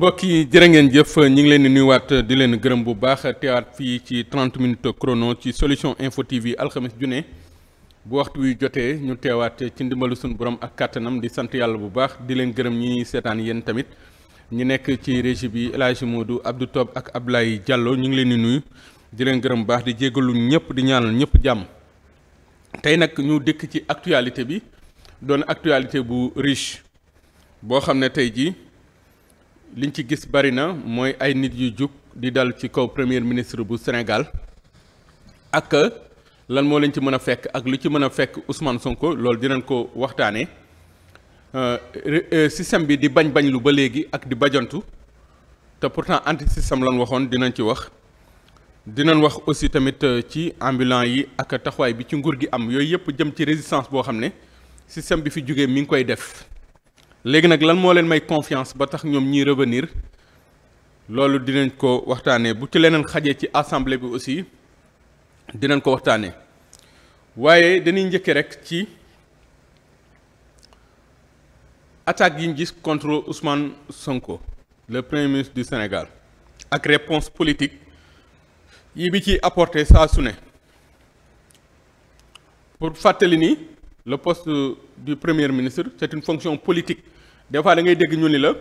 mbokk yi jërë ngeen jëf ñu ngi leen di nuyuwaat di leen gërëm bu baax teewaat fii ci 30 minutes chrono ci solution info TV alxames junne bu waxtu wi jotee ñu teewaat ci ndimbalu suñu borom ak kàttanam di sant yàlla bu baax di leen gërëm ñi seetaan yéen tamit ñu nekk ci régie bi El Hadj Modou Abdou Top ak Abdoulaye Diallo ñu ngi leen di nuyu di leen gërëm bu baax di jégalu ñëpp di ñaanal ñëpp jàmm tey nag ñu dëkk ci actualité bi doon actualité bu riche boo xam ne tey jii. liñ ci gis bari na mooy ay nit yu jug di dal ci kaw premier ministre bu senegal ak euh, lan moo leen ci mën a fekk ak lu ci mën a fekk Ousmane Sonko loolu dinañ ko waxtaanee euh, euh, système bi di bañ bañ lu ba léegi ak di bajantu te pourtant anti système lan waxoon dinañ ci wax dinañ wax aussi tamit ci ambulant yi ak taxawaay bi ci nguur gi am yooyu yëpp jëm ci résistance boo xam ne système bi fi jógee mi ngi koy def. léegi nag lan moo leen may confiance ba tax ñoom ñi revenir loolu dinañ ko waxtaanee bu ci leneen xajee ci assemblée bi aussi dinañ ko waxtaanee waaye dañuy njëkkee rek ci attaque yi ñu gis contre Ousmane Sonko le premier ministre du Sénégal ak réponse politique yi bi ci apporté saa su ne pour fàttali ni le poste du premier ministre c'est une fonction politique des fois da ngay dégg ñu ni la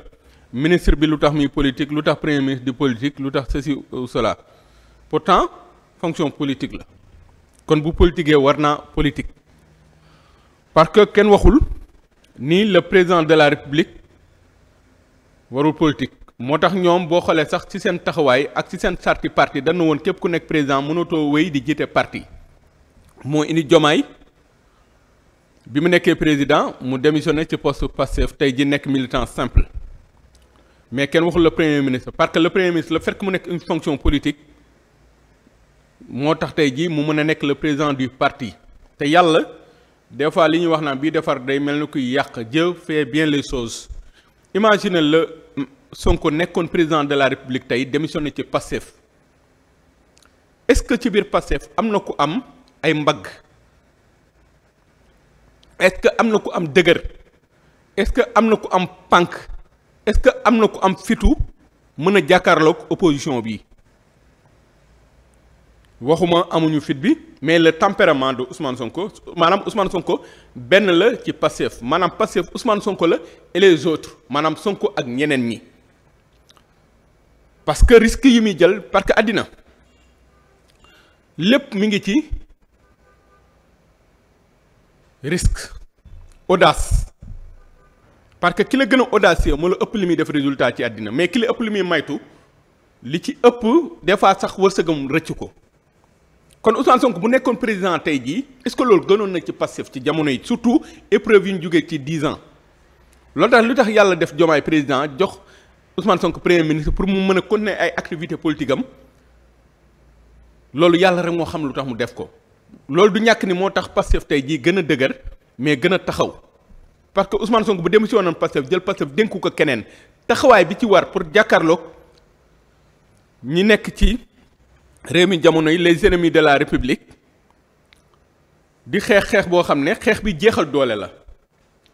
ministre bi lu tax muy politique lu tax premier ministre di politique lu tax ceci ou cela pourtant fonction politique la kon bu politiquee war naa politique parce que kenn waxul ni le président de la république warul politique moo tax ñoom boo xoolee sax ci seen taxawaay ak ci seen sarti parti dana woon képp ku nekk président mënatoo wéy di jiite parti moo indi jomaay bi mu nekkee président mu démissionné ci poste Pastef tey ji nekk militant simple mais kenn waxul la premier ministre parce que le premier ministre la fekk que mu nekk une fonction politique moo tax tey jii mu mën a nekk le président du parti te yàlla des fois li ñuy wax naan bii defar day mel ni kuy yàq Dieu fait bien les choses imagine la Sonko nekkoon président de la république tey démissionné ci Pastef est-ce que ci biir Pastef am na ku am ay mbagg est-ce que am na ku am dëgër est-ce que am na ku am pànk est-ce que am na ku am fitu mën a jàkkaarlook opposition bi waxuma amuñu fit bi mais le tempérament de Ousmane Sonko maanaam Ousmane Sonko benn la ci Pastef maanaam Pastef Ousmane Sonko la et les autres maanaam Sonko ak ñeneen ñi parce que risque yi muy jël parce que àddina lépp mu ngi ci risque audace parce que ki la gën a audacieux moo la ëpp li muy def résultat ci àddina mais ki la ëpp li muy maytu li ci ëpp des fois sax wërsëgam rëcc ko kon Ousmane Sonko bu nekkoon président tey jii est-ce que loolu gënoon na ci passif ci jamono yi surtout épreuve yu ñu jógee ci dix ans loolu tax lu tax yàlla def jomaay président jox Ousmane sonk premier ministre pour mu mën a continuer ay activité politique am loolu yàlla rek moo xam lu tax mu def ko loolu du ñàkk ni moo tax Pastef tey jii gën a dëgër mais gën a taxaw parce que Ousmane Sonko bu démissionné woon Pastef jël Pastef dénku ko keneen taxawaay bi ci war pour jàkkaarloog ñi nekk ci réew mi jamono yi les ennemis de la république di xeex xeex boo xam ne xeex bi jeexal doole la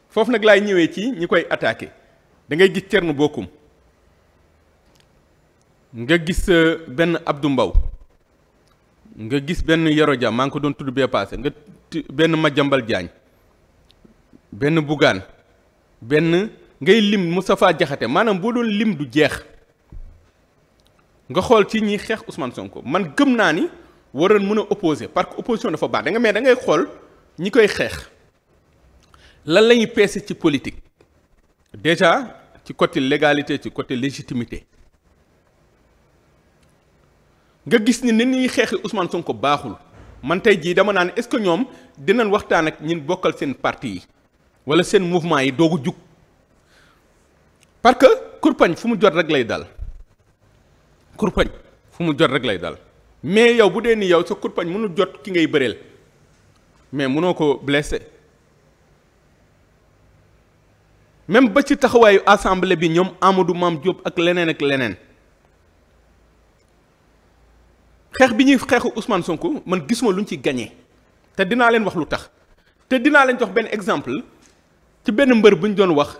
foofu nag laay ñëwee ci ñi koy attaqué da ngay gis Thierno Bocoum nga gis euh, benn Abdou Mbow nga gis benn Yoro Dia maa ngi ko doon tudd bee paase nga benn ma jambal Diagne benn Bougane benn ngay lim Moustapha Diakhaté maanaam boo doon lim du jeex nga xool ci ñiy xeex Ousmane Sonko man gëm naa ni waroon mën a opposé parce que opposition dafa baax da nga mais da xool ñi koy xeex lan lañuy ñuy peese ci politique déjà ci côté légalité ci côté légitimité nga gis ni ni ñuy xeexle Ousmane Sonko baaxul man tey jii dama naan est-ce que ñoom dinañ waxtaan ak ñin bokkal seen parti yi wala seen mouvement yi doogu jug parce que kurpañ fu mu jot rek lay dal kurpañ fu mu jot rek lay dal mais yow bu dee ni yow sa kurpañ mënul jot ki ngay bëreel mais mënoo ko blessé même ba ci taxawaayu assemblée bi ñoom Amadou maam Diop ak leneen ak leneen. xeex bi ñuy xeexu Ousmane Sonko man gisuma luñ ci gagné te dinaa leen wax lu tax te dinaa leen jox benn exemple ci benn mbër bu ñu doon wax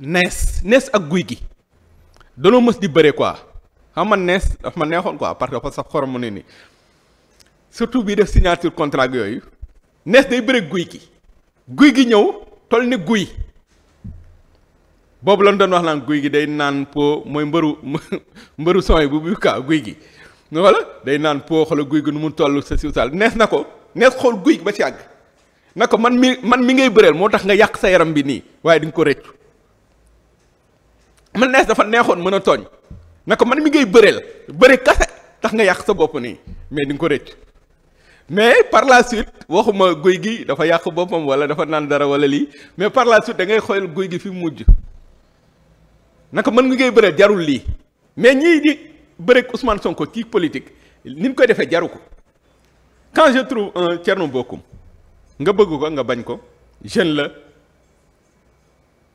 nees nees ak guy gi danoo mës di bëre quoi xam man nees daf ma neexoon quoi parce que sax xorom mu ne nii surtout bii def signature contrat yooyu nees day bëre guy gi guy gi ñëw toll ni guy boobu lañ doon wax naan guy gi day naan po mooy mbëru mbëru sooy bu bu kaa guy gi. voilà day naan po a guy gi nu mu toll sa siwtaal nees na ko nees xool guy ba ci àgg na ko man mi man mi ngay bëreel moo tax nga yàq sa yaram bi nii waaye di ko rëccu man nees dafa neexoon mën a tooñ na ko man mi ngay bëreel bëri kase tax nga yàq sa bopp nii mais di nga ko rëccu mais par la suite waxuma guy gi dafa yàq boppam wala dafa naan dara wala lii mais par la suite da ngay xool guy gi fi mu mujj naka mën nga ngay bëreel jarul lii mais ñii di. bëreeg Ousmane Sonko kii politique ni mu koy defee jaru ko quand je trouve un Thierno nga bëgg ko nga bañ ko jeune la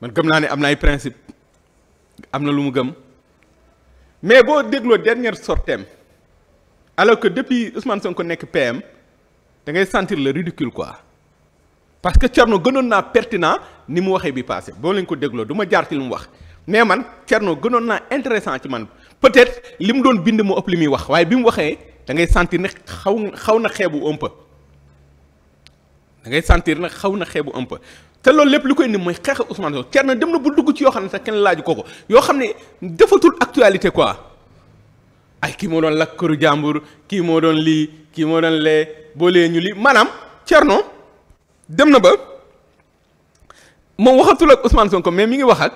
man gëm naa ni am na ay principe am na lu mu gëm mais boo dégloo dernière sorteem alors que depuis Ousmane ko nekk PM da ngay sentir le ridicule quoi parce que Thierno gënoon naa pertinant ni mu waxee bi passé boo leen ko dégloo du ma jaar ci lu mu wax mais man Thierno gënoon naa intéressant ci man peut-être li mu doon bind moo ëpp li muy wax waaye bi mu waxee da ngay sentir ne xaw xaw na xeebu un peu da ngay sentir ne xaw na xeebu un peu te loolu lépp lu koy indi mooy xeex ak Ousmane Sonko Thierno dem na bu dugg ci yoo xam ne kenn laaju ko ko yoo xam ne defatul actualité quoi ay moo doon lakk këru jàmbur kii moo doon lii kii moo doon lee boolee ñu lii maanaam Thierno dem na ba moom waxatul ak Ousmane Sonko mais mi ngi wax ak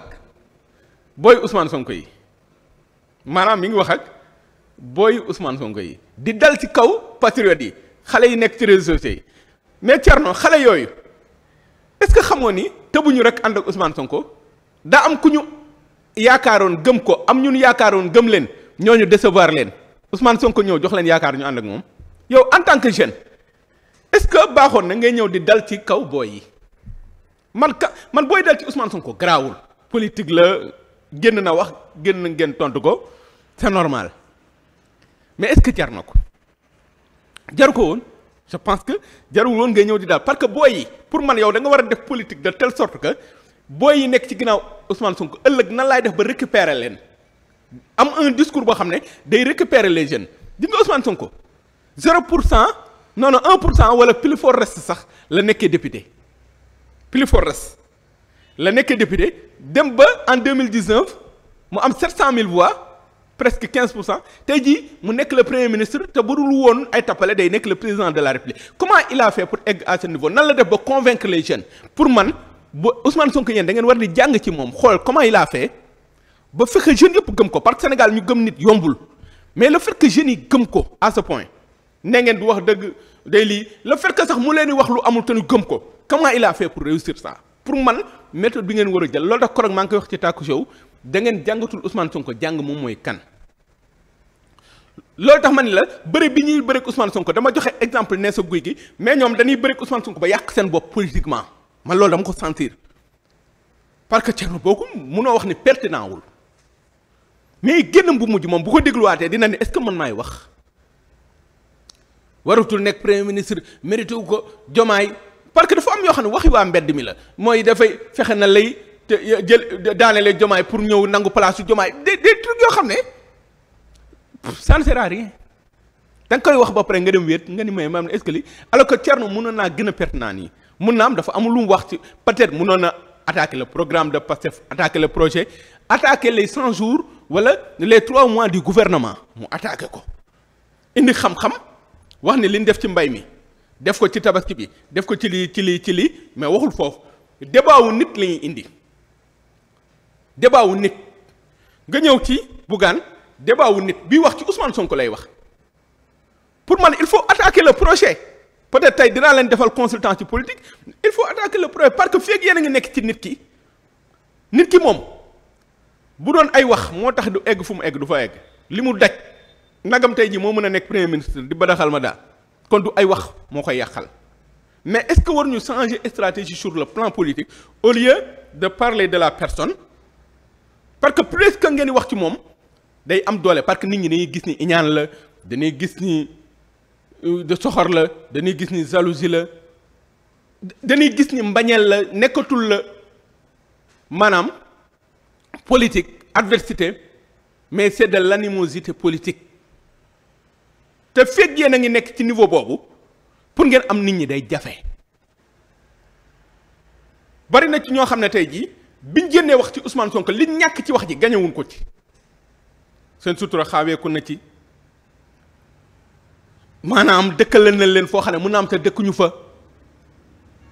booy Ousmane Sonko yi. maanaam mi ngi wax ak booy Ousmane Sonko yi di dal ci kaw patriotes yi xale yi nekk ci réseaux sociaux yi mais Thierno xale yooyu est-ce que xamoo ni tëbuñu rek ànd ak Ousmane Sonko daa am ku ñu yaakaaroon gëm ko am ñun yaakaaroon gëm leen ñoo ñu décevoir leen Ousmane Sonko ñëw jox leen yaakaar ñu ànd ak moom yow en tant que jeune est-ce que baaxoon na ngay ñëw di dal ci kaw booy yi man ka man booy dal ci Ousmane Sonko garaawul politique la génn na wax. génn ngeen tontu ko c'est normal mais est-ce que jar na ko jaru ko woon je pense que jarul woon ngay ñëw di daal parce que booy yi pour man yow da nga war a def politique de telle sorte que booy yi nekk ci ginnaaw Ousmane Sonko ëllëg nan laay def ba récupérer leen am un discours boo xam ne day récupérer les jeunes di nga Ousmane Sonko zéro pour cent non non un pour cent wala plus fort reste sax la nekkee député plus fort reste la nekkee député dem ba en deux mille dix-neuf mu am 700000 voix presque 15 pour cent tey jii mu nekk le premier ministre te budul woon ay tappale day nekk le président de la république comment il a fait pour egg à ce niveau nan la def ba convaincre les jeunes pour man ba Ousmane Sonko yéen da ngeen war di jàng ci moom xool comment il a fait ba fexe jeunes yëpp gëm ko parce que Sénégal ñu gëm nit yombul mais la fait que jeunes yi gëm ko à ce point ne ngeen di wax dëgg day lii la fait sax mu leen di wax lu amul te gëm ko comment il a fait pour réussir pour man bi ngeen war a jël loolu tax korog maa ngi koy wax ci tàkku show da ngeen jàngatul Ousmane Sonko jàng moom mooy kan loolu tax ma ni la bëri bi ñuy bëri ak Ousmane Sonko dama joxe exemple ne sa guy gi mais ñoom dañuy bëri ak Ousmane ba yàq seen bopp politiquement man loolu dama ko sentir parce que Thierno Bocoum munoo wax ni pertinent wul mais génnam bu mujj moom bu ko dégluwaatee dina ne est-ce que man maay wax waratul nekk premier ministre mérité wu ko jomaay parce que dafa am yoo xam ne waxi waa mbedd mi la mooy dafay fexe na lay. te jël daanelee jomaay pour ñëw nangu place su jomaay des des trucs yoo xam ne ça ne sert koy wax ba pare nga dem wéet nga ni may maam est-ce que li alors que Thierno mënoon naa gën a pertinent nii mun naa am dafa amul lu mu wax ci peut-être mënoon na attaquer le programme de Pastef attaquer le projet attaquer les cent jours wala les trois mois di gouvernement mu attaqué ko indi xam-xam wax ne li ñu def ci mbay mi def ko ci tabaski bi def ko ci li ci li ci li mais waxul foofu débat wu nit la indi débat wu nit nga ñëw ci Bougane débat wu nit bii wax ci Ousmane Sonko lay wax pour man il faut attaquer le projet peut-être tey dinaa leen defal consultant ci politique il faut attaquer le projet parce que fii ak yéen ngi nekk ci nit ki nit ki moom bu doon ay wax moo tax du egg fu mu egg du fa egg li mu daj nagam tey jii moo mën a nekk premier ministre di badaxal ma daal kon du ay wax moo koy yàqal mais est-ce que war ñu changer stratégie sur le plan politique au lieu de parler de la personne parce que plus que ngeen di wax ci moom day am doole parce que nit ñi dañuy gis ni iñaan la dañuy gis ni euh, de soxor la dañuy gis ni jalousie la dañuy gis ni mbañeel la nekkatul la maanaam politique adversité mais c'est de l'animosité politique te fekk yéen a ngi nekk ci niveau boobu pour ngeen am nit ñi day jafe bari na ci ñoo xam ne tey jii. biñ génnee wax ci Ousmane sonk liñ ñàkk ci wax ji gañewuñ ko ci seen sutura xaaweeku na ci maanaam dëkkale na leen foo xam ne mun a am te dëkkuñu fa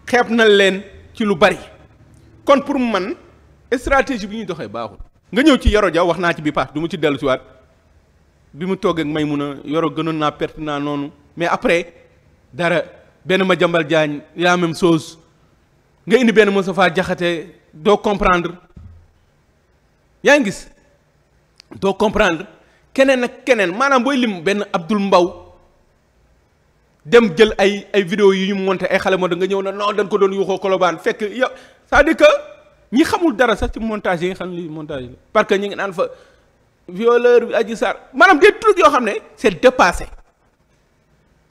xeeb na leen ci lu bari kon pour man stratégie bi ñuy doxee baaxul nga ñëw ci Yoro Dia wax naa ci bi paas du mu ci dellu si waat bi mu toog ak may mun a Yoro gënoon naa naa noonu mais après dara benn ma jambal jaañ la même chose nga indi benn Moustapha Diakhaté doo comprendre yaa ngi gis doo comprendre keneen ak keneen maanaam booy lim benn Abdoul Mbaw dem jël ay ay vidéo yi ñu monté ay xale moo da nga ñëw na non dañ ko doon yuuxoo Colobane fekk yow c'est-à-dire que ñi xamul dara sax ci montage yi nga xam ne lii montage la parce que ñu ngi naan fa violeur bi Adji Sarr maanaam des trucs yoo xam ne c'est dépassé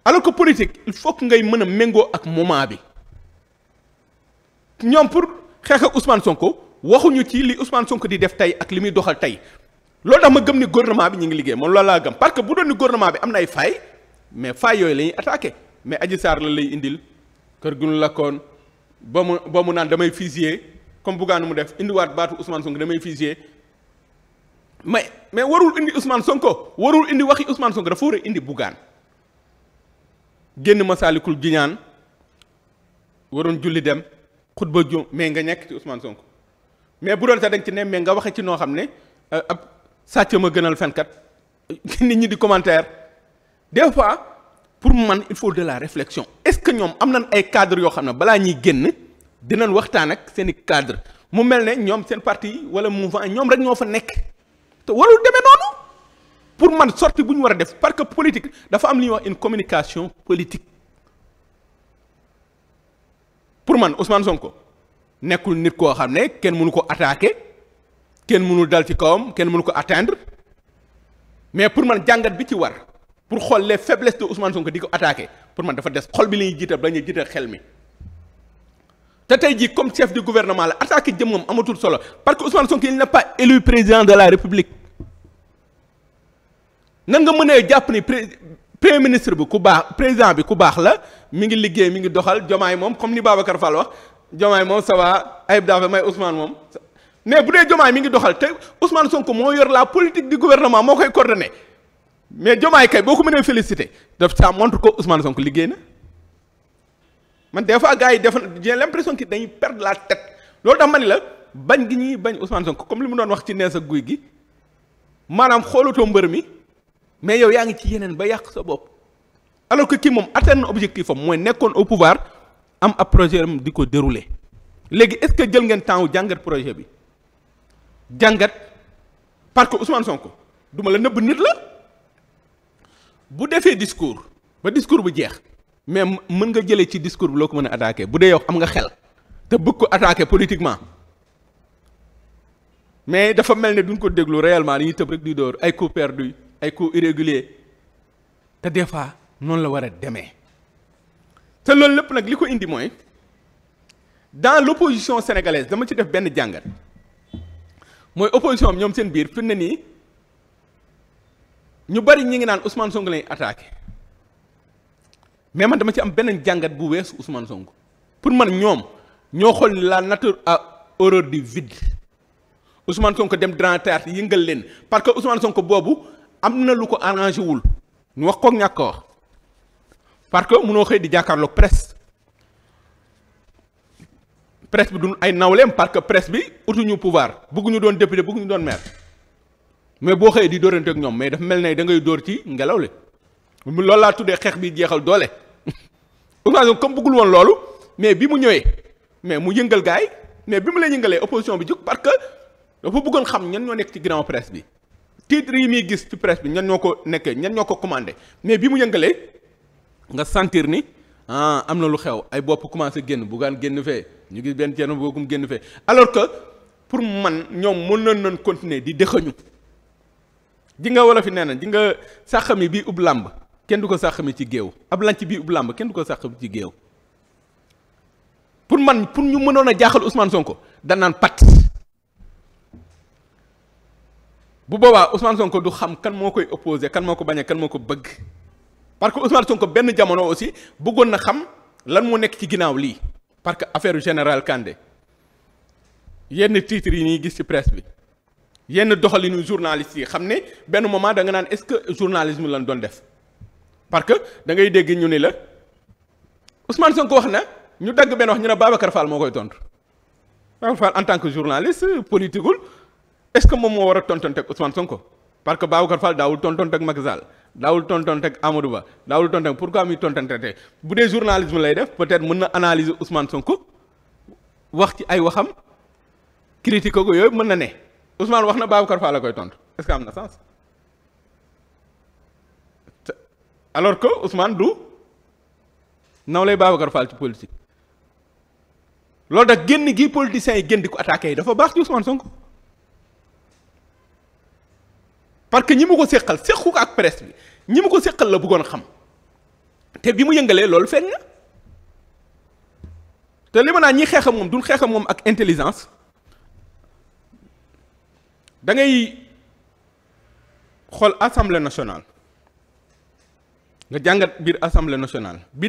alors que politique il faut que ngay mën a méngoo ak moment bi ñoom pour xeex ak Ousmane Sonko waxuñu ci li usman Sonko di def tey ak li muy doxal tey loolu tax ma gëm ni gouvernement bi ñu ngi liggéey moom loolu laa gëm parce que bu doon ni gouvernement bi am na ay fay mais faay yooyu la ñuy attaqué mais Adji saar la lay indil kër gu ñu lakkoon ba mu ba mu naan damay fusiller comme Bougane mu def indiwaat baatu Ousmane Sonko damay fusiller mais mais warul indi usman Sonko warul indi waxi usman Sonko dafa war a indi Bougane génn Masaalikul Jinaan waroon julli dem. Xutba Jóob mais nga nekk ci Ousmane Sonko mais bu doon sax danga ci ne mais nga waxe ci noo xam ne euh, ab sàcc ma gënal fenkat nit ñi di commentaire des fois pour man il faut de la réflexion est-ce que ñoom am nañ ay cadre yoo xam ne balaa ñuy génn dinañ waxtaan ak seen i cadre mu mel ne ñoom seen parti wala mouvement ñoom rek ñoo fa nekk te warul demee noonu pour man sorti bu ñu war a def parce que politique dafa am li ñuy wax une communication politique pour man Ousmane Sonko nekkul nit koo xam ne kenn mënu ko attaqué kenn mënul dal ci kawam kenn mënu ko atteindre mais pour man jàngat bi ci war pour xool les faiblesses de son Sonko di ko attaqué pour man dafa des xol bi la ñuy jiital dañuy jiital xel mi. te tey jii comme chef du gouvernement la attaqué jëmmam amatul solo parce que son Sonko il n'est pas élu président de la République nan nga mën a jàpp ni pré premier ministre bi ku baax président bi ku baax la mi ngi liggéey mi ngi doxal jomaay moom comme ni Babacar Fall wax jomaay moom ça va Ayib Daffé may Ousmane moom mais bu dee mi ngi doxal te Ousmane Sonko moo yor la politique du gouvernement moo koy coordonné mais jomaay kay boo ko mënee félicité daf ça montre ko Ousmane Sonko liggéey na man des fois yi def j'ai l'impression que dañuy perdre laa tête loolu tax ma ni la bañ gi ñuy bañ Ousmane Sonko comme li mu doon wax ci nee sa guy gi maanaam xoolatoo mbër mi. mais yow yaa ngi ci yeneen ba yàq sa bopp alors que kii moom atteindre objectif am mooy nekkoon au pouvoir am ab projet am di ko dérouler léegi est-ce que jël ngeen temps wu jàngat projet bi jàngat parce que Ousmane Sonko duma la nëbb nit la bu defee discours ba discours bu jeex mais mën nga jëlee ci discours bi loo ko mën a attaqué bu dee yow am nga xel te bëgg ko attaqué politiquement mais dafa mel ni duñ ko déglu réellement ñu tëb rek di door ay coup perdu ay coûts irréguliers te des fois noonu la war a demee te loolu lépp nag li ko indi mooy dans l'opposition sénégalaise dama ci def benn jàngat mooy opposition ñoom seen biir fi na nii ñu bari ñi ngi naan Ousmane Sonko lañuy attaqué mais man dama ci am beneen jàngat bu weesu Ousmane Sonko pour man ñoom ñoo xool la nature à horreur du vide Ousmane Sonko dem grand théâtre yëngal leen parce que Ousmane Sonko boobu am na lu ko arrangé wul ñu wax koog ñàkk wax parce que munoo xëy di jàkkaarloog presse presse bi du ay nawleem parce que presse bi utuñu pouvoir bëgguñu doon député bëgguñu doon maire mais boo xëyee di dóorante ak ñoom mais dafa mel na da ngay dóor ci ngelaw li lool laa tuddee xeex bi jeexal doole Ousmane Sonko comme bëggul woon loolu mais bi mu ñëwee mais mu yëngal gaay mais bi mu la yëngalee opposition bi jóg parce que dafa bëggoon xam ñan ñoo nekk ci ginnaaw presse bi. titre yi muy gis ci presse bi ñan ñoo ko nekkee ñan ñoo ko commandé mais bi mu yëngalee nga sentir ni ah am na lu xew ay bopp commencé génn bugaan génn fee ñu gis benn ceen boobu génn fee alors que pour man ñoom mën nañ leen continuer di dëxañu ji nga wolof yi nee na ji nga sàq mi bii ub làmb kenn du ko sàq ci géew ab lanc bii ub làmb kenn du ko sàq ci géew pour man pour ñu mënoon a jaaxal Ousmane Sonko danaan pat bu boobaa Ousmane Sonko du xam kan moo koy opposé kan moo ko bañee kan moo ko bëgg parce que Ousmane ko benn jamono aussi bëggoon na xam lan moo nekk ci ginnaaw lii parce que affaire général Kandé yenn titres yi ñuy gis ci presse bi yenn doxalinu journaliste yi xam ne benn moment da nga naan est-ce que journalisme lan doon def parce que da ngay dégg ñu ni la Ousmane Sonko wax na ñu dagg benn wax ñu ne Babacar Fall moo koy tontu Babacar Fall en tant que journaliste politique est-ce que moom moo war a tontonteeg Ousmane Sonko parce que Babacar Fall daawul tontonteeg Macky Sall daawul tontonteeg Amadou Ba daawul tontonteeg pourquoi muy tontonteeg bu dee journalisme lay def peut-être mën na analyser Ousmane Sonko wax ci ay waxam critique ko yooyu mën na ne Ousmane wax na Babacar Fall la koy tontu est-ce que am na sens alors que Ousmane du naw lay Babacar Fall ci politique loolu da génn gi politiciens yi génn di ko attaqué yi dafa baax ci Ousmane Sonko. parce que ñi mu ko séqal séqu ko ak presse bi ñi mu ko séqal la bëggoon xam te bi mu yëngalee loolu feeñ te li ñi xeex moom duñ xeex moom ak intelligence da ngay xool assemblée nationale nga jàngat biir assemblée nationale bi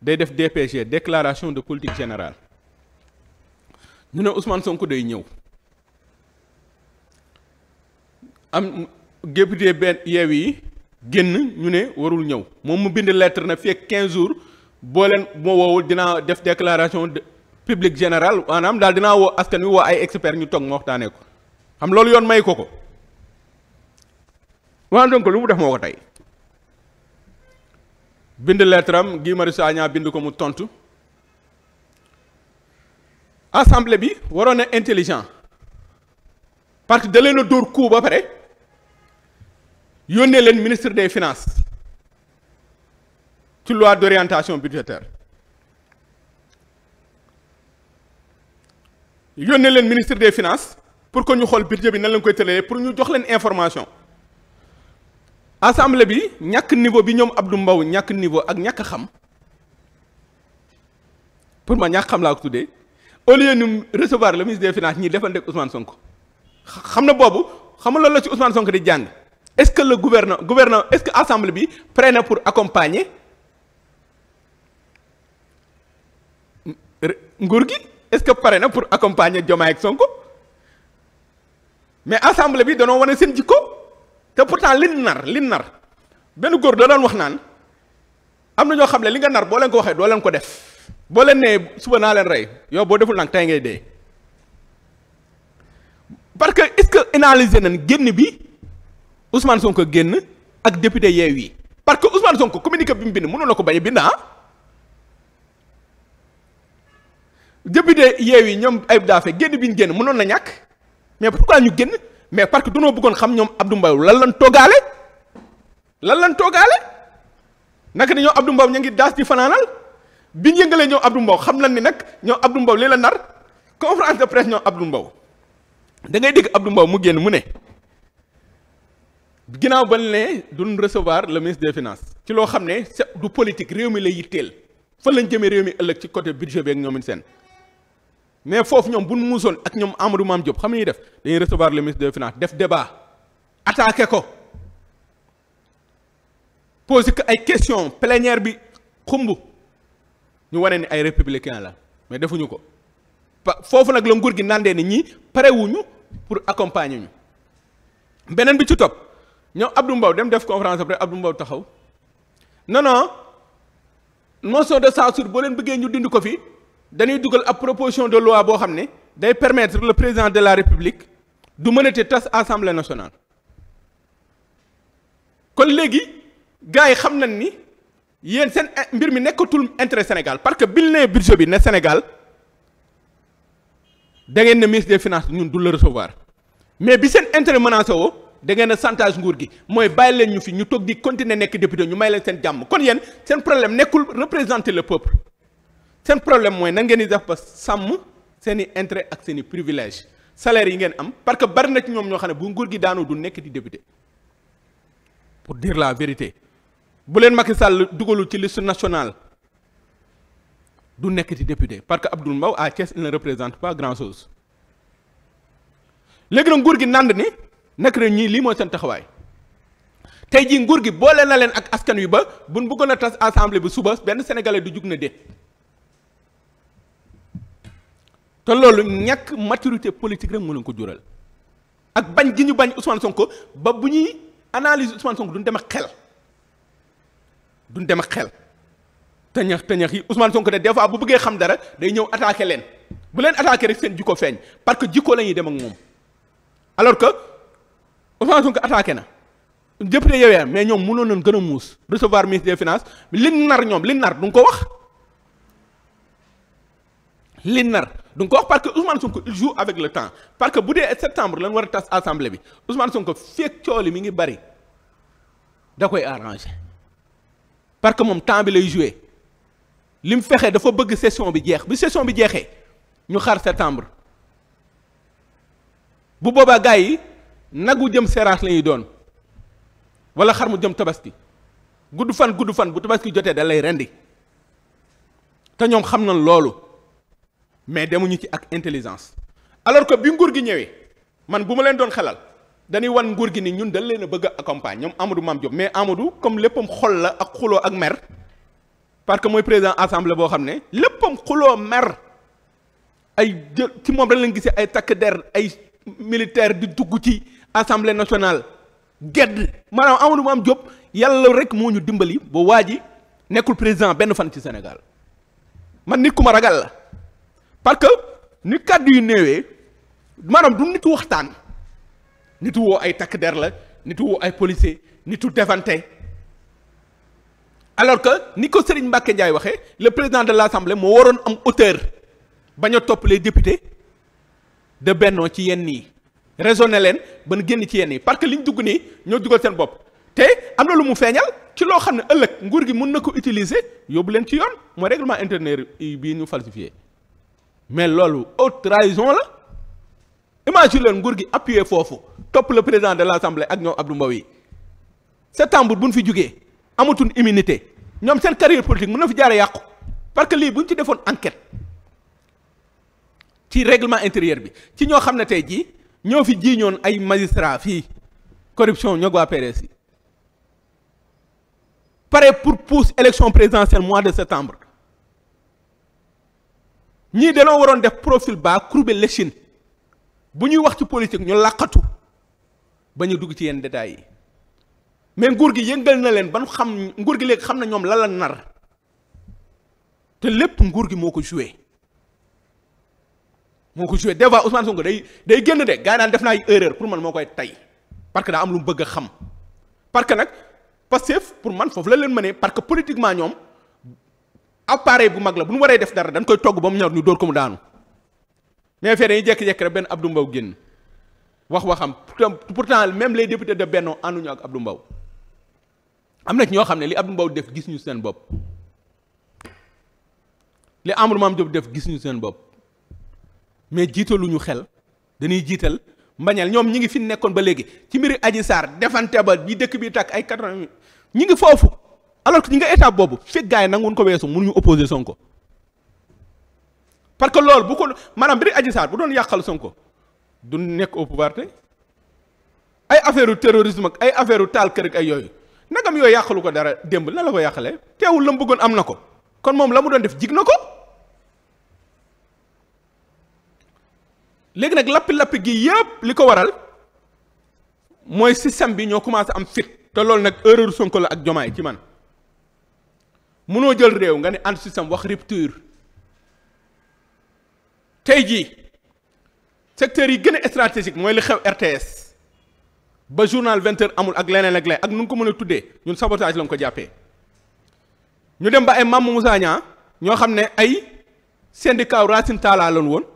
day def DPG déclaration de politique générale ñu ne Ousmane Sonko day ñëw. am député benn yeew yi génn ñu ne warul ñëw moom mu bind lettre na fekk 15 jours boo leen moo woowul dinaa def déclaration publique générale maanaam daal dinaa woo askan wi woo ay experts ñu toog ma waxtaanee ko xam loolu yoon may ko ko waaw donc lu mu def moo ko tey bind lettre am Guy Marius Sagna bind ko mu tontu assemblée bi waroon na intelligent parce que da leen a dóor coup ba pare yónnee leen ministre des finance ci loi d'orientation budgétaire yónnee leen ministre des finances pour que ñu xool budget bi nan lañ koy tëralee pour ñu jox leen information assemblée bi ñàkk niveau bi ñoom ab Abdou mbaw ñàkk niveau ak ñàkk xam pour ma ñàkk xam laa ko tuddee au lieu ñu recevoir le ministre des finance ñi defante ak Ousmane Sonko xam na boobu xam nga loolu la ci Ousmane Sonko di jàng. est-ce que la gouvernement gouvernement est-ce que assemblée bi prêt na pour accompagner nguur gi est-ce que pare na pour accompagner joma ak Sonko mais assemble bi danoo wane seen jikko te pourtant li nar lin nar benn góor da doon wax naan am na ñoo xam ne li nga nar boo leen ko waxee doo leen ko def boo leen nee suba naa leen rey yow boo deful nag tey ngay dee parce que est-ce que analyser nañ génn bi. Ousmane Sonko génn ak député yeew yi parce que Ousmane Sonko communiqué bi mu bind mënoon na ko bañ a bind ah. député yeew yi ñoom Ayib Daffé génn bi génn mënoon na ñàkk mais pourquoi ñu génn mais parce que danoo bëggoon xam ñoom Abdou Mbow lan lan toogaale lan lan toogaale naka ni ñoo Abdou Mbow ñu ngi daas di fanaanal bi ñu yëngalee ñoom Abdou Mbow xam nañ ni nag ñoom Abdou Mbow li la nar conférence de presse ñoom Abdou Mbow da dégg Abdou Mbow mu génn mu ne. ginnaaw ba ne duñ recevoir le ministre des finances ci loo xam ne c'est du politique réew mi la yitteel fa lañ jëmee réew mi ëllëg ci côté budget bi ak ñoom seen mais foofu ñoom bu nu muusoon ak ñoom Amadou Mame Diop xam ñuy def dañuy recevoir le ministre des finances def débat attaqué ko posé ko ay question plénière bi xumb ñu wane ni ay républicain la mais defuñu ko pa foofu nag la nguur gi nandee ni ñi parewuñu pour accompagner ñu beneen bi ci topp ñoom Abdou Mbow dem def conférence après Abdou Mbow taxaw non non motion de censure boo leen bëggee ñu dindi ko fi dañuy dugal ab proposition de loi boo xam ne day permettre la président de la république du mënate tas assemblée nationale. kon léegi gars yi xam na ni yéen seen mbir mi nekkatul intérêt Sénégal parce que biñ nee budget bi ne Sénégal da ngeen ne ministre des finances ñun du la recevoir mais bi seen intérêt menacé woo. da ngeen a chantage nguur gi mooy bàyyi leen ñu fi ñu toog di continuer nekk député ñu may leen seen jàmm kon yéen seen problème nekkul représenter le peuple seen problème mooy na ngeen di def ba sàmm seeni i intérêt ak seen i privilège salaire yi ngeen am parce que bari na ci ñoom ñoo xam ne bu nguur gi daanoo du nekk di député pour la vérité bu leen Macky Sall dugalu ci liste nationale du nekk ci député parce que Abdoul mbaw à Thiès il ne représente pas grand chose léegi nag nguur gi nànd ni naka la ñii lii mooy seen taxawaay tey jii nguur gi boole na leen ak askan wi ba buñ bëggoon a tas assemblée bi suba benn sénégalais du jug na de te loolu ñàkk maturité politique rek mënuñ ko jural ak bañ gi ñu bañ Ousmane Sonko ba bu ñuy analyse Ousmane Sonko duñ dem ak xel duñ dem ak xel tëñax tëñax yi Ousmane Sonko ne des fois bu bëggee xam dara day ñëw attaqué leen bu leen attaqué rek seen jikko feeñ parce que jikko lañuy dem ak moom Ousmane Sonko attaqué na député yow mais ñoom mënoon nañ gën a muus recevoir ministre des finances li nar ñoom li nar du nga ko wax li nar du ko wax parce que Ousmane Sonko il joue avec le temps parce que bu dee septembre lañ war a tas assemblée bi Ousmane Sonko fekk cooli mu ngi bari da koy arrangé parce que moom temps bi lay joué li mu fexe dafa bëgg session bi jeex bi session bi jeexee ñu xaar septembre bu boobaa gars yi. nagu jëm seeraas lañuy doon wala xar mu jëm tabaski gudd fan gudd fan bu tabaski jotee dalay lay rendi te ñoom xam nañ loolu mais demuñu ci ak intelligence alors que bi nguur gi ñëwee man bu ma leen doon xelal dañuy wan nguur gi ni ñun dañ leen a bëgg a accompagne ñoom Amadou Mame Diop mais amadu comme léppam xol la ak xuloo ak mer parce que mooy président assemblée boo xam ne léppam xuloo mer ay jël ci moom dañ leen gisee ay takk der ay militaire di dugg ci assemblée nationale gedd maanaam Amadou Mame Diop yàlla rek moo ñu dimbali ba waa ji nekkul président benn fan ci Sénégal man nit ku ragal la parce que nit kàddu yu néewee maanaam du nitu waxtaan nitu woo ay takk der la nitu woo ay policier nitu defante alors que ni ko Serigne Mbacke Ndiaye waxee le président de l'assemblée moo waroon am hauteur bañ a topp les députés de Benno ci yenn nii raisonné leen ba nu génn ci yenn yi parce que li ñu dugg nii ñoo dugal seen bopp te am na lu mu feeñal ci loo xam ne ëllëg nguur gi mun na ko utiliser yóbbu leen ci yoon mooy règlement intérieur bii ñu falsifié mais loolu haute trahison la imagine leen nguur gi appuyé foofu topp le président de l' assemblée ak ñoom Abdou Mbow yi septembre bu ñu fi jugee amatul immunité ñoom seen carrière politique mun na fi jaaree yàqu parce que lii bu ñu ci defoon enquête ci règlement intérieur bi ci ñoo xam ne tey jii. ñoo fi jiiñoon ay magistrat fii corruption ñoog waa PDS yi pare pour pousse élection présidentielle mois de septembre ñii dañoo waroon def profil bas courber l'échine bu ñuy wax ci politique ñu làqatu ba ñu dugg ci yenn détails yi mais nguur gi yëngal na leen ba ñu xam nguur gi léegi xam na ñoom lan la nar te lépp nguur gi moo ko joué. moo ko joué des fois Ousmane Sonko day day génn de gars yi naan def naa ay erreur pour man moo koy tay parce que daa am lu mu bëgg xam parce que nag Pastef pour man foofu la leen mënee parce que politiquement ñoom appareil bu mag la bu ñu waree def dara dañ koy togg ba mu ñor ñu dóor ko mu daanu mais fee dañuy jékki-jékki rek benn Abdou Mbow génn wax waxam pourtant même les députés de Benno ànduñu ak Abdou Mbow am na ñoo xam ne li Abdou mbaw def gis ñu seen bopp li Amadou Mame Diop def gis seen bopp. mais jiitalu ñu xel dañuy jiital mbañal ñoom ñi ngi fi nekkoon ba léegi ci mbiri Adji Sarr defante ba bi dëkk bi tàkk ay quatre ñi ngi foofu alors que ñi nga étape boobu fekk gars yi ko weesu ñu opposé Sonko parce que loolu bu ko maanaam mbiri Adji Sarr bu doon yàqal Sonko du nekk au pouvoir ay affaire terrorisme ak ay affaire taal kër ak ay yooyu nagam yooyu yàqalu ko dara démb na la ko yàqalee teewul la mu bëggoon am na ko kon moom la mu doon def jig na ko léegi nag lappi-lappi gi yëpp li ko waral mooy système bi ñoo commencé am fit te loolu nag erreur Sonko la ak Jomaay ci man mënoo jël réew nga ne anti système wax rupture tey jii secteurs yi gën a stratégique mooy li xew RTS ba journal vingt amul ak leneen ak leneen ak nu ngi ko mën a tuddee ñun sabotage lañ ko jàppee ñu dem ba ay Mame Moussa ñoo xam ne ay syndicat Racine Talla lañ woon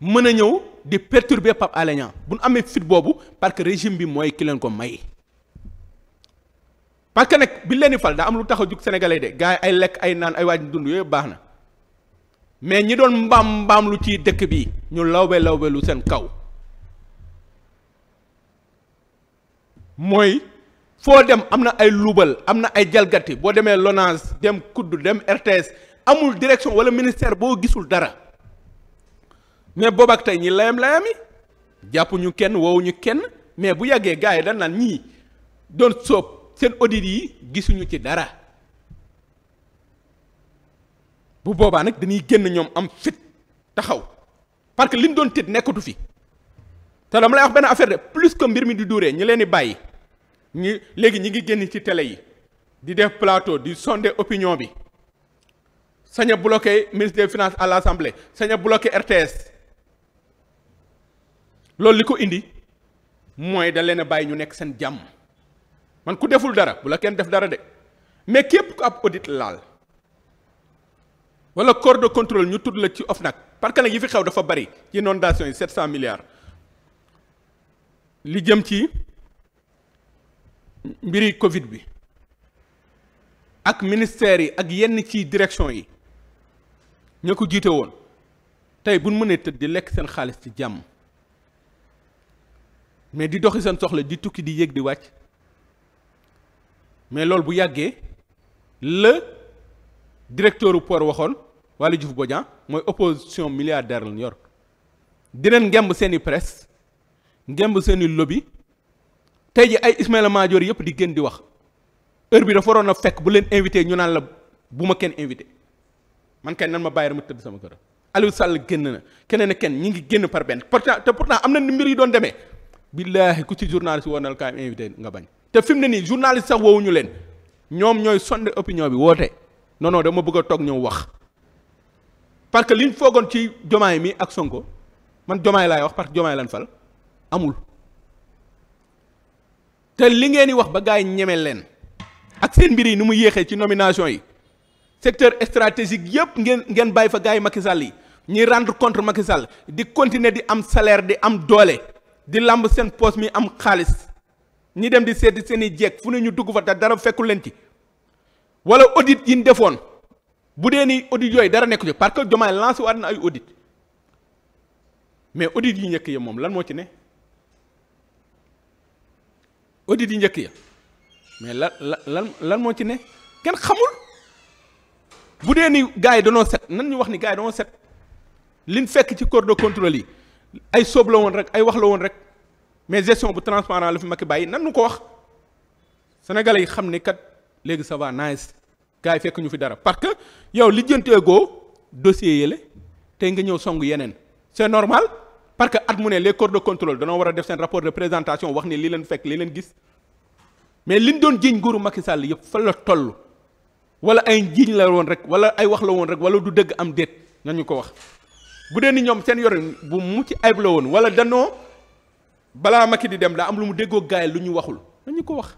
mën a ñëw di perturber Pape Alé Niang bu nu amee fit boobu parce que régime bi mooy ki leen ko may. parce que nag bi leen di fal daa am lu tax a jug sénégalais de gars yi ay lekk ay naan ay waaj dund yooyu baax na mais ñi doon mbaam mbaam lu ci dëkk bi ñu lawbe lawbe lu seen kaw. mooy foo dem am na ay luubal am na ay jalgati boo demee Lonase dem kudd dem RTS amul direction wala ministère boo gisul dara. mais boobu tey ñi layam-layami jàpp ñu kenn woowu ñu kenn mais bu yàggee gars yi dañ naan ñii doon soob seen audit yi gisuñu ci dara bu boobaa nag dañuy génn ñoom am fit taxaw parce que li mu doon tiit nekkatu fi te dama lay wax benn affaire de plus que mbir mi di duuree ñi leen di bàyyi ñi léegi ñi ngi génn ci télé yi di def plateau di sonder opinion bi sañ a bloqué ministre des finances à l'assemblée sañ a bloqué RTS loolu li ko indi mooy da leen a bàyyi ñu nekk seen jàmm man ku deful dara bu la kenn def dara de mais képp ku ab audit laal walla corps de contrôle ñu tudd la ci OFNAC parce que nag yi fi xew dafa bari ci inondation yi 700 li jëm ci mbiri Covid bi ak ministères yi ak yenn ci direction yi ñoo ko jiite woon tey bu mënee tëdd di lekk seen xaalis ci jàmm. mais di doxi seen soxla di tukki di yéeg di wàcc mais loolu bu yàggee la directeur u port waxoon Waly Diouf Bodian mooy opposition milliardaire lañ yor dineen ngemb seen i presse ngemb seen i lobby tey ji ay Ismaïla Madior yëpp di gën di wax heure bi dafa waroon a fekk bu leen invité ñu naan la bu ma kenn invité man kay nan ma bàyyi ma tëdd sama kër Aliou Sall génn na keneen ak kenn ñi ngi génn par benn pourtant te pourtant am na ni mbir yi doon demee billaahi ku ci journaliste woon na kaay invité nga bañ te fi mu ne nii journaliste sax woowuñu leen ñoom ñooy sonde opinion bi woote non non dama bëgg a toog ñëw wax parce que liñ foogoon ci jomaay mi ak Sonko man jomaay laay wax parce que jomaay lan fal amul te li ngeen di wax ba gars yi ñeme leen ak seen mbir yi nu mu yéexee ci nomination yi secteur stratégique yëpp ngeen ngeen bàyyi fa gars yi Macky yi ñuy rendre contre Macky di continuer di am salaire di am doole. di làmb seen poos mi am xaalis ñi dem di seeti seen i jeeg fu ne ñu dugg fa te dara fekkul leen ci wala audit yi ñu defoon bu dee ni audit yooyu dara nekku ci parce que Diomaye lancé waat na ay audit mais audit yi njëkk ya moom lan moo ci ne audit yi njëkk ya mais lan lan lan moo ci ne kenn xamul bu dee ni gars yi danoo set nan ñu wax ni gars yi danoo set liñ fekk ci corps de contrôle yi ay soob la woon rek ay wax la woon rek mais gestion bu transparent la fi Macky bàyyi nan nu ko wax sénégalais yi xam ni kat léegi ça va nice gars yi fekk ñu fi dara parce que yow lijjanteegoo dossier yële tey nga ñëw song yeneen c'est normal parce que at mu ne les de contrôle danoo war a def seen rapport de présentation wax ni li leen fekk li leen gis mais liñ doon jiiñ nguuru Macky sàll yëpp fa la toll wala ay njiiñ la woon rek wala ay wax la woon rek wala du dëgg am déet nañu ko wax bu dee ni ñoom seen yorin bu mucc ayib la woon wala danoo balaa Macky di dem daa am lu mu déggoo gaay lu ñu waxul dañu ko wax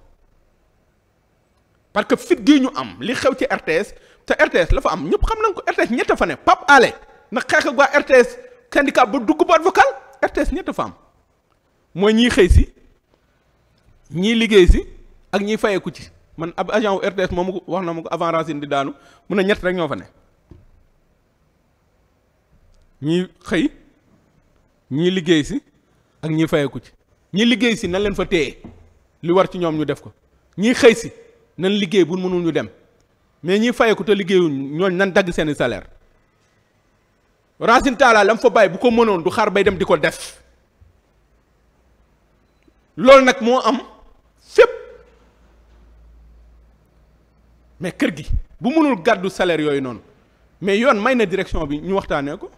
parce que fit gi ñu am li xew ci RTS te RTS la fa am ñëpp xam nañ ko RTS ñett fa ne Pape Alé na xeex ak waa RTS syndicat ba dugg boîte vocale RTS ñett fa am mooy ñiy xëy si ñiy liggéey si ak ñiy fayeeku ci man ab agent wu RTS moom wax na ma ko avant Racine di daanu mun a ñett rek ñoo fa ne. ñii xëy ñii liggéey si ak ñii fayeku ci ñii liggéey si nan leen fa téye li war ci ñoom ñu def ko ñii xëy si nan liggéey bu mënul ñu dem mais ñii fayeku te liggéeyuñ ñooñ nan dagg seeni salaire Racine Talla la mu fa bàyyi bu ko mënoon du xaar bay dem di ko def loolu nag moo am fépp mais kër gi bu mënul gàddu salaire yooyu noonu mais yoon may na direction bi ñu waxtaanee ko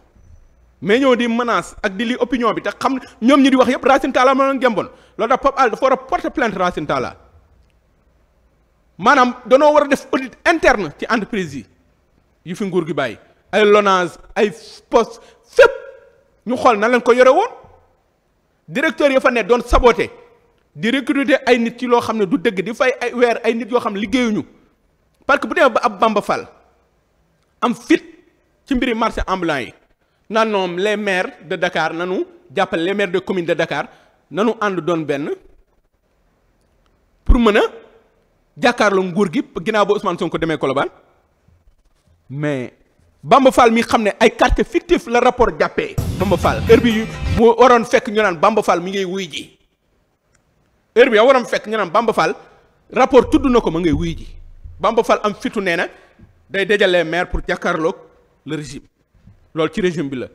mais ñëw di menace ak di li opinion bi te xam ñoom ñi di wax yëpp Racine Talla moo leen gemboon loolu tax Pape Alé dafa war a porter plainte Racine maanaam danoo war a def audit interne ci entreprise yi yu fi nguur gi bàyyi ay Lonase ay poste fépp ñu xool na leen ko yore woon directeur yoo fa ne doon saboté di recruter ay nit ci loo xam ne du dëgg di fay ay weer ay nit yoo xam ne liggéeyuñu parce que bu demee ba ab Bamba Fall am fit ci mbiri marché ambulant yi naan ñoom le maire de Dakar nanu jàppale les maires de commune de Dakar nanu ànd doon benn pour mën a jàkkaarloo nguur gi ginnaaw ba Ousmane Sonko demee Colobane mais Bamba Fall mi xam ne ay quartier fictif la rapport jàppee Bamba Fall heure bi mu waroon fekk ñu naan Bamba Fall mi ngay wuy ji heure bi a waroon fekk ñu naan Bamba rapport tudd na ko ma ngay wuy ji Bamba am fitu nee na day dajale maire pour jàkkaarloog le régime loolu ci régime bi la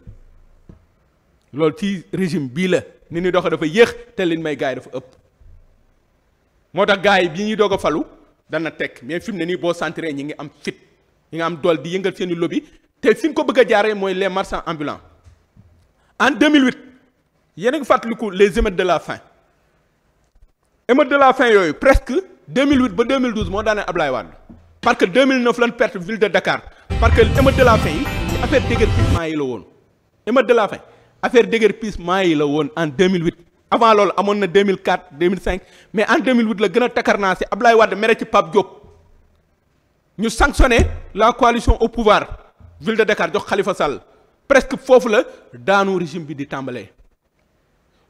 loolu ci régime bii la ni ñuy doxee dafa yéex te liñ may gars yi dafa ëpp moo tax gars yi bi ñuy doog a falu dana teg mais fi mu ne nii boo centré ñi ngi am fit ñi nga am dool di yëngal seen i lobby te fi ñu ko bëgg a jaaree mooy les marchands ambulants en 2008 yéen a ngi fàttaliku les émeutes de la faim émeutes de la faim yooyu presque 2008 ba moo daanee Ablaye Wade parce que 2009 lan perte ville de Dakar parce que émeutes de la faim yi. affaire déguerpissement yi la woon émeute de la faim affaire déguerpissement yi la woon en 2008 avant loolu amoon na 2004 2005 mais en 2008 la gën a takarnaa si Ablaye Wade mere ci Pape Diop ñu sanctionné la coalition au pouvoir ville de Dakar jox Khalifa Sall presque foofu la daanu régime bi di tàmbalee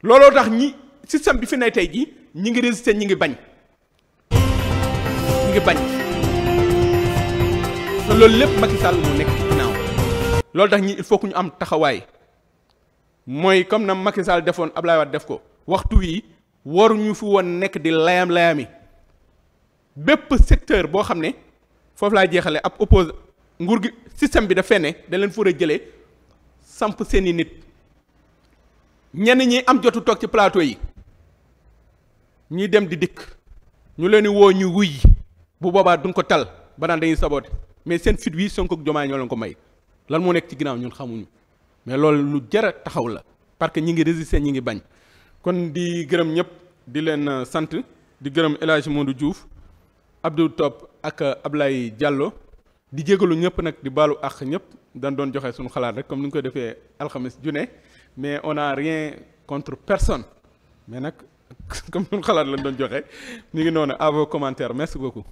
looloo tax ñi système bi fi ne tey jii ñi ngi résister ñi ngi bañ ñi ngi bañ te loolu lépp Macky Sall mu nekk. loolu tax ñi il faut ñu am taxawaay mooy comme na Macky Sall defoon Ablaye Wade def ko waxtu wii waruñu fi woon nekk di layam layami bépp secteur boo xam ne foofu laa jeexale ab oppose nguur gi système bi da fenne da leen fóor a jëlee samp seeni nit ñenn ñi am jotu toog ci plateau yi ñuy dem di dikk ñu leen di woo ñu wuy bu boobaa duñ ko tal ba naan dañuy saboote mais seen fit wi Sonko ak Diomaye ñoo leen ko may lan moo nekk ci ginnaaw ñun xamuñu mais loolu lu jara taxaw la parce que ñi ngi résister ñi ngi bañ kon di gërëm ñëpp di leen euh, sant di gërëm El Hadj Modou Diouf Abdou Top ak ab euh, Ablaye jàlloo di jégalu ñëpp nag di baalu àq ñëpp dañ doon joxe suñu xalaat rek comme ni ñu koy defee alxames june mais on a rien contre personne mais nag comme suñu xalaat lañ doon joxe ñu ngi noonu à vos commentaires merci beaucoup